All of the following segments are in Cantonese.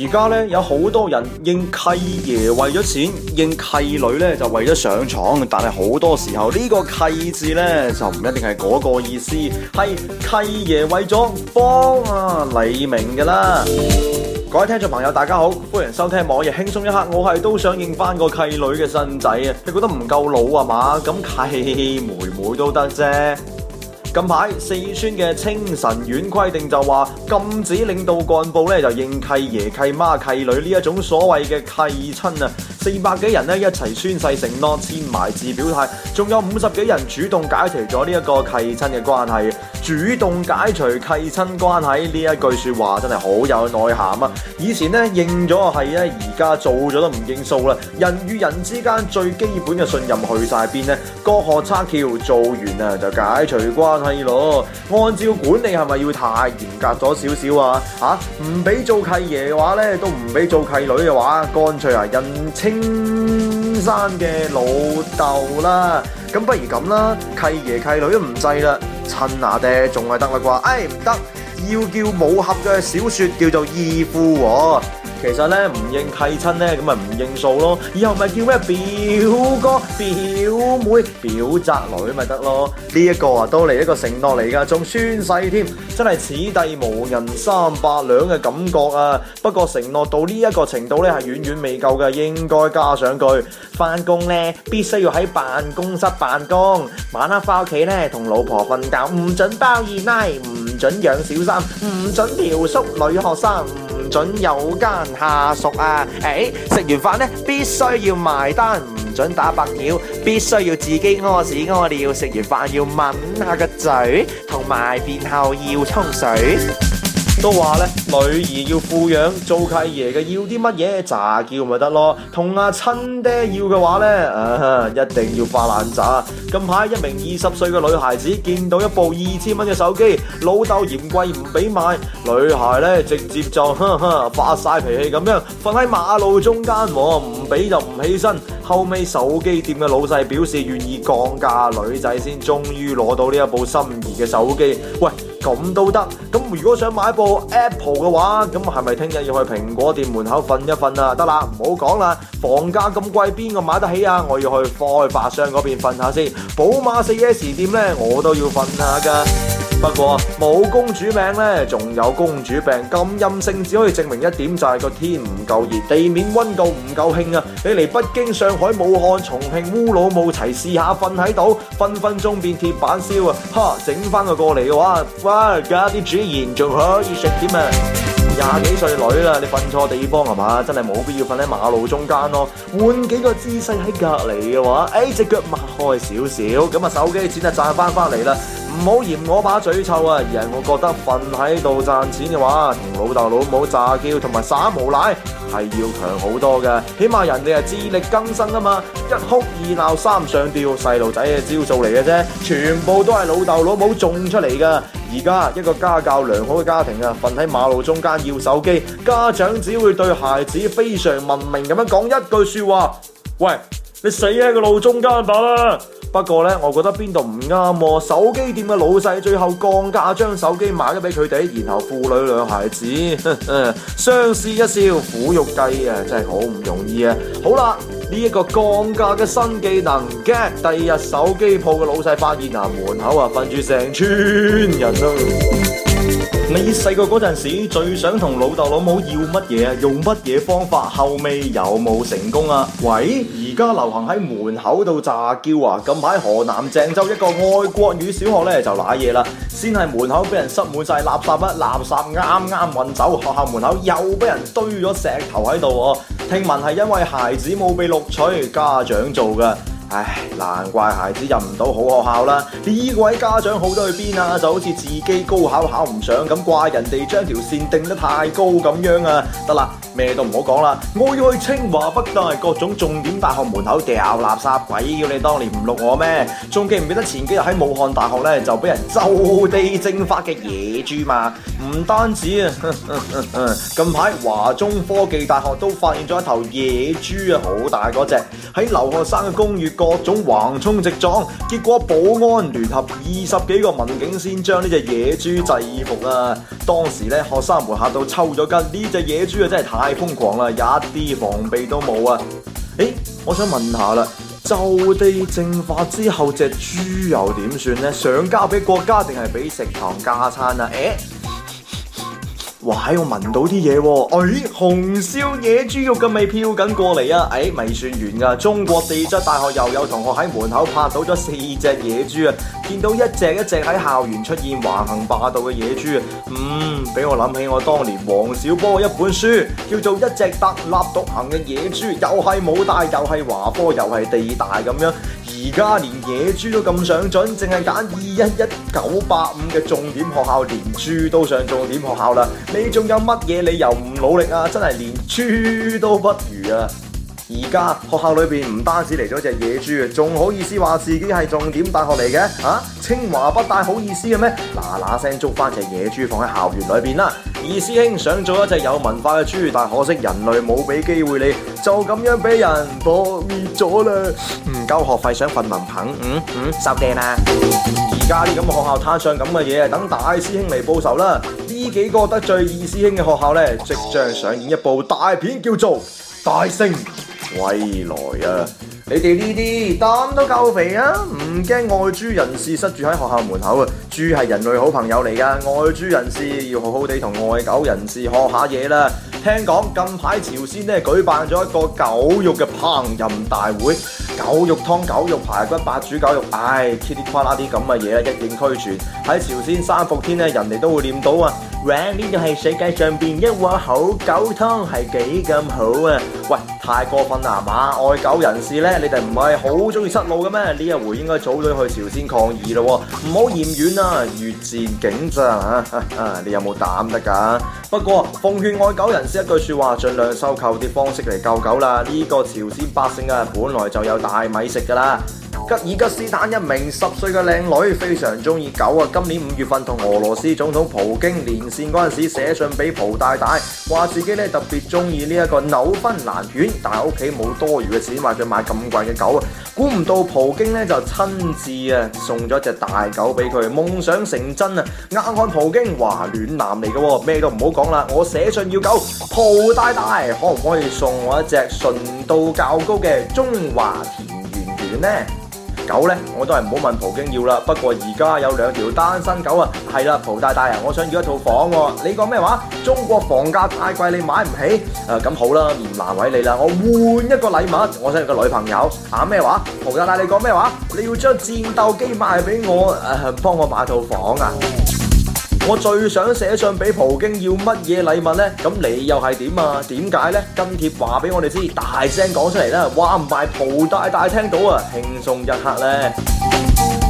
而家咧有好多人認契爺為咗錢，認契女咧就為咗上床。但係好多時候呢個契字咧就唔一定係嗰個意思，係契爺為咗幫啊，你明噶啦。 各位聽眾朋友，大家好，歡迎收聽《網易輕鬆一刻》，我係都想認返個契女嘅新仔啊，你覺得唔夠老啊嘛？咁契妹妹都得啫。近排四川嘅青神縣規定就話禁止領導幹部咧就認契爺契媽契女呢一種所謂嘅契親啊，四百幾人咧一齊宣誓承諾簽埋字表態，仲有五十幾人主動解除咗呢一個契親嘅關係，主動解除契親關係呢一句說話真係好有內涵啊！以前咧認咗係啊，而家做咗都唔認數啦，人與人之間最基本嘅信任去晒邊咧？過河拆橋做完啊就解除啩？係咯，按照管理係咪要太嚴格咗少少啊？啊，唔俾做契爺嘅話咧，都唔俾做契女嘅話，乾脆啊，印青山嘅老豆啦。咁不如咁啦，契爺契女都唔制啦，親下爹仲係得啦啩？哎，唔得，要叫武俠嘅小說叫做義父喎。其實咧唔認契親咧咁咪唔認數咯，以後咪叫咩表哥表妹表侄女咪得咯。呢一個啊都嚟一個承諾嚟噶，仲宣誓添，真係此地無銀三百兩嘅感覺啊！不過承諾到呢一個程度咧係遠遠未夠嘅，應該加上句：翻工咧必須要喺辦公室辦公，晚黑翻屋企咧同老婆瞓覺，唔准包二奶，唔准養小三，唔准嫖宿女學生。唔准有奸下屬啊！誒、欸，食完飯呢，必須要埋單，唔准打白鳥，必須要自己屙屎屙尿，食完飯要吻下個嘴，同埋便後要沖水。都話咧，女兒要富養，做契爺嘅要啲乜嘢，咋叫咪得咯？同阿親爹要嘅話咧，啊，一定要發爛渣。近排一名二十歲嘅女孩子見到一部二千蚊嘅手機，老豆嫌貴唔俾買，女孩咧直接就哈哈發晒脾氣咁樣，瞓喺馬路中間，哦，唔俾就唔起身。後尾手機店嘅老細表示願意降價，女仔先終於攞到呢一部心儀嘅手機。喂！咁都得，咁如果想買部 Apple 嘅話，咁係咪聽日要去蘋果店門口瞓一瞓啊？得啦，唔好講啦，房價咁貴，邊個買得起啊？我要去開發商嗰邊瞓下先，寶馬 4S 店呢，我都要瞓下噶。不過冇、啊、公主命呢，仲有公主病咁任性，只可以證明一點就係個天唔夠熱，地面溫度唔夠興啊！你嚟北京、上海、武漢、重慶、烏魯木齊試下瞓喺度，分分鐘變鐵板燒啊！哈，整翻佢過嚟嘅話，哇，加啲煮鹽仲可以食啲啊！廿幾歲女啦，你瞓錯地方係嘛？真係冇必要瞓喺馬路中間咯，換幾個姿勢喺隔籬嘅話，誒、哎，隻腳擘開少少，咁啊，手機錢就賺翻翻嚟啦！唔好嫌我把嘴臭啊！而係我覺得瞓喺度賺錢嘅話，同老豆老母詐嬌同埋耍無賴係要強好多嘅。起碼人哋係自力更生啊嘛！一哭二鬧三上吊，細路仔嘅招數嚟嘅啫，全部都係老豆老母種出嚟噶。而家一個家教良好嘅家庭啊，瞓喺馬路中間要手機，家長只會對孩子非常文明咁樣講一句說話：喂，你死喺個路中間吧！不過咧，我覺得邊度唔啱喎？手機店嘅老細最後降價將手機賣咗俾佢哋，然後父女兩孩子，呵呵，相視一笑，苦肉計啊，真係好唔容易啊！好啦，呢、這、一個降價嘅新技能，get 第二日手機鋪嘅老細發現喺門口啊，瞓住成村人啦。你細個嗰陣時最想同老豆老母要乜嘢？用乜嘢方法？後尾有冇成功啊？喂！而家流行喺門口度詐嬌啊！近排河南鄭州一個外國語小學咧就瀨嘢啦，先係門口俾人塞滿晒垃圾，垃圾啱啱運走，學校門口又俾人堆咗石頭喺度哦。聽聞係因為孩子冇被錄取，家長做噶。唉，難怪孩子入唔到好學校啦！呢位家長好到去邊啊？就好似自己高考考唔上咁，怪人哋將條線定得太高咁樣啊！得啦，咩都唔好講啦，我要去清華、北大各種重點大學門口掉垃圾鬼，鬼叫你當年唔錄我咩？仲記唔記得前幾日喺武漢大學呢，就俾人就地蒸發嘅野豬嘛？唔單止啊，近排華中科技大學都發現咗一頭野豬啊，好大嗰隻喺留學生嘅公寓。各種橫衝直撞，結果保安聯合二十幾個民警先將呢隻野豬制服啊，當時咧，學生們嚇到抽咗筋，呢隻野豬啊真係太瘋狂啦，一啲防備都冇啊！誒，我想問下啦，就地淨化之後，隻豬又點算咧？想交俾國家定係俾食堂加餐啊？誒、欸？哇！喺我聞到啲嘢喎，哎，紅燒野豬肉咁未飄緊過嚟啊！哎，未算完㗎，中國地質大學又有同學喺門口拍到咗四隻野豬啊！見到一隻一隻喺校園出現橫行霸道嘅野豬。嗯，俾我諗起我當年黃小波一本書叫做《一隻特立獨行嘅野豬》，又係武大，又係華科，又係地大咁樣。而家連野豬都咁上進，淨係揀二一一九八五嘅重點學校，連豬都上重點學校啦！你仲有乜嘢理由唔努力啊？真係連豬都不如啊！而家學校裏邊唔單止嚟咗隻野豬，仲好意思話自己係重點大學嚟嘅啊？清華北大好意思嘅咩？嗱嗱聲捉翻隻野豬放喺校園裏邊啦！二師兄想做一隻有文化嘅豬，但可惜人類冇俾機會你，就咁樣俾人破滅咗啦！唔交學費想混文憑，嗯嗯，收定啦！而家啲咁嘅學校攤上咁嘅嘢，等大師兄嚟報仇啦！呢幾個得罪二師兄嘅學校咧，即將上演一部大片，叫做《大聖》。未來啊，你哋呢啲膽都夠肥啊，唔驚愛豬人士塞住喺學校門口啊！豬係人類好朋友嚟嘅，愛豬人士要好好地同愛狗人士學下嘢啦。聽講近排朝鮮呢舉辦咗一個狗肉嘅烹飪大會，狗肉湯、狗肉排骨、白煮狗肉，唉，噼里啪啦啲咁嘅嘢一應俱全。喺朝鮮三伏天咧，人哋都會念到啊！搵呢度係世界上邊一碗好狗湯，係幾咁好啊？喂，太過分啦嘛！愛狗人士呢，你哋唔係好中意失路嘅咩？呢一回應該早啲去朝鮮抗議咯，唔好嫌遠啦，越戰警咋吓？你有冇膽得噶？不過奉勸愛狗人士一句說話，盡量收購啲方式嚟救狗啦。呢個朝鮮百姓啊，本來就有大米食噶啦。吉爾吉斯坦一名十歲嘅靚女非常中意狗啊！今年五月份同俄羅斯總統普京連線嗰陣時，寫信俾蒲大大，話自己咧特別中意呢一個紐芬蘭犬，但係屋企冇多餘嘅錢買，佢買咁貴嘅狗啊！估唔到普京呢就親自啊送咗一隻大狗俾佢，夢想成真啊！硬漢普京，哇，暖男嚟嘅，咩都唔好講啦，我寫信要狗，蒲大大可唔可以送我一隻純度較高嘅中華田園犬呢？狗呢，我都係唔好問普京要啦。不過而家有兩條單身狗啊，係啦，蒲大大啊，我想要一套房喎，啊。你講咩話？中國房價太貴，你買唔起？誒、啊，咁好啦，唔難為你啦，我換一個禮物，我想要個女朋友。啊，咩話？蒲大大，你講咩話？你要將戰鬥機賣俾我，誒、啊，幫我買套房啊？我最想寫信俾普京要乜嘢禮物呢？咁你又係點啊？點解呢？跟帖話俾我哋知，大聲講出嚟啦，話唔定普大大聽到啊，輕鬆一刻呢。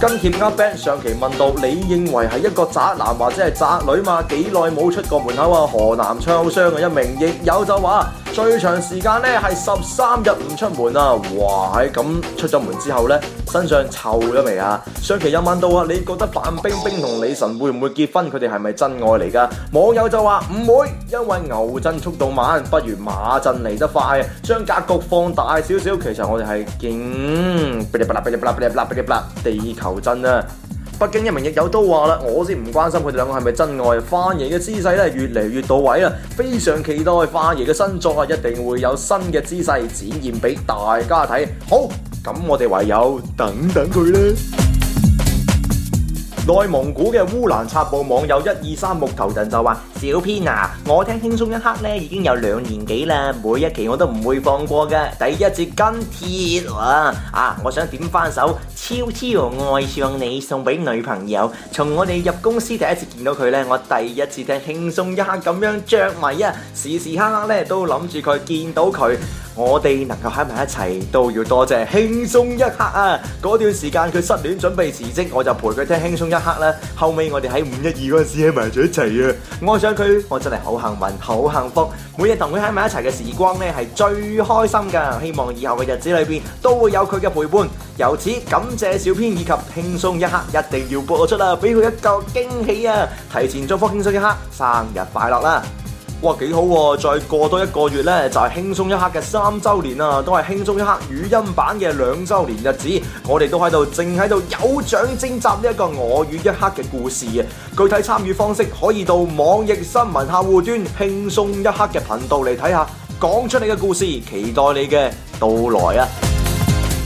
跟帖厄 Ben 上期問到，你認為係一個宅男或者係宅女嘛？幾耐冇出過門口啊？河南窗商啊，一名亦有就話。最長時間呢係十三日唔出門啊！哇，喺咁出咗門之後呢，身上臭咗未啊？上期有問到啊，你覺得范冰冰同李晨會唔會結婚？佢哋係咪真愛嚟㗎？網友就話唔會，因為牛震速度慢，不如馬震嚟得快。將格局放大少少，其實我哋係勁，嗶哩嗶啦，嗶哩嗶啦，嗶哩嗶啦，地球震啊！北京一名亦友都話啦，我先唔關心佢哋兩個係咪真愛，范爺嘅姿勢咧，越嚟越到位啊！非常期待范爺嘅新作啊，一定會有新嘅姿勢展現俾大家睇。好，咁我哋唯有等等佢啦。內蒙古嘅烏蘭察布網友一二三木頭人就話：小編啊，我聽輕鬆一刻呢已經有兩年幾啦，每一期我都唔會放過嘅。第一次跟帖啊，啊，我想點翻首《超超愛上你》送俾女朋友。從我哋入公司第一次見到佢呢，我第一次聽輕鬆一刻咁樣着迷啊，時時刻刻呢都諗住佢，見到佢。我哋能夠喺埋一齊都要多謝《輕鬆一刻》啊！嗰段時間佢失戀準備辭職，我就陪佢聽《輕鬆一刻》啦。後尾我哋喺五一二嗰陣時喺埋咗一齊啊！愛上佢，我真係好幸運，好幸福。每日同佢喺埋一齊嘅時光呢係最開心噶。希望以後嘅日子裏邊都會有佢嘅陪伴。由此感謝小編以及《輕鬆一刻》，一定要播出啦，俾佢一個驚喜啊！提前祝福《輕鬆一刻》生日快樂啦！哇，幾好喎！再過多一個月呢，就係輕鬆一刻嘅三週年啊，都係輕鬆一刻語音版嘅兩週年日子。我哋都喺度正喺度有獎徵集呢一個我與一刻嘅故事啊！具體參與方式可以到網易新聞客戶端輕鬆一刻嘅頻道嚟睇下，講出你嘅故事，期待你嘅到來啊！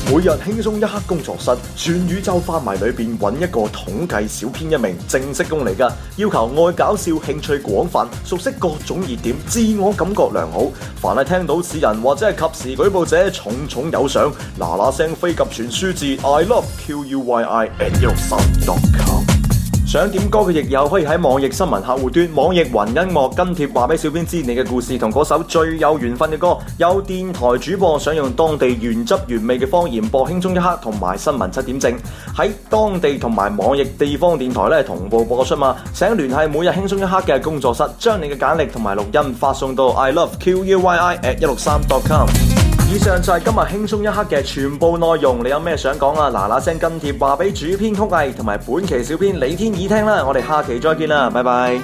每日輕鬆一刻工作室，全宇宙範圍裏邊揾，一個統計小編一名正式工嚟噶。要求愛搞笑、興趣廣泛、熟悉各種熱點、自我感覺良好。凡係聽到此人或者係及時舉報者，重重有賞。嗱嗱聲飛鴿傳書至 I love Q U Y I at your s i d d o c 想點歌嘅亦有可以喺網易新聞客戶端、網易雲音樂跟帖話俾小編知你嘅故事同嗰首最有緣分嘅歌。有電台主播想用當地原汁原味嘅方言播輕鬆一刻同埋新聞，七點正喺當地同埋網易地方電台咧同步播出嘛。請聯繫每日輕鬆一刻嘅工作室，將你嘅簡歷同埋錄音發送到 i love q u y i at 163 dot com。以上就係今日輕鬆一刻嘅全部內容，你有咩想講啊？嗱嗱聲跟帖話俾主編曲藝同埋本期小編李天耳聽啦！我哋下期再見啦，拜拜。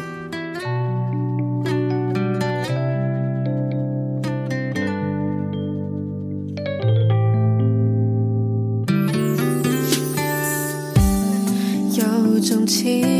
有種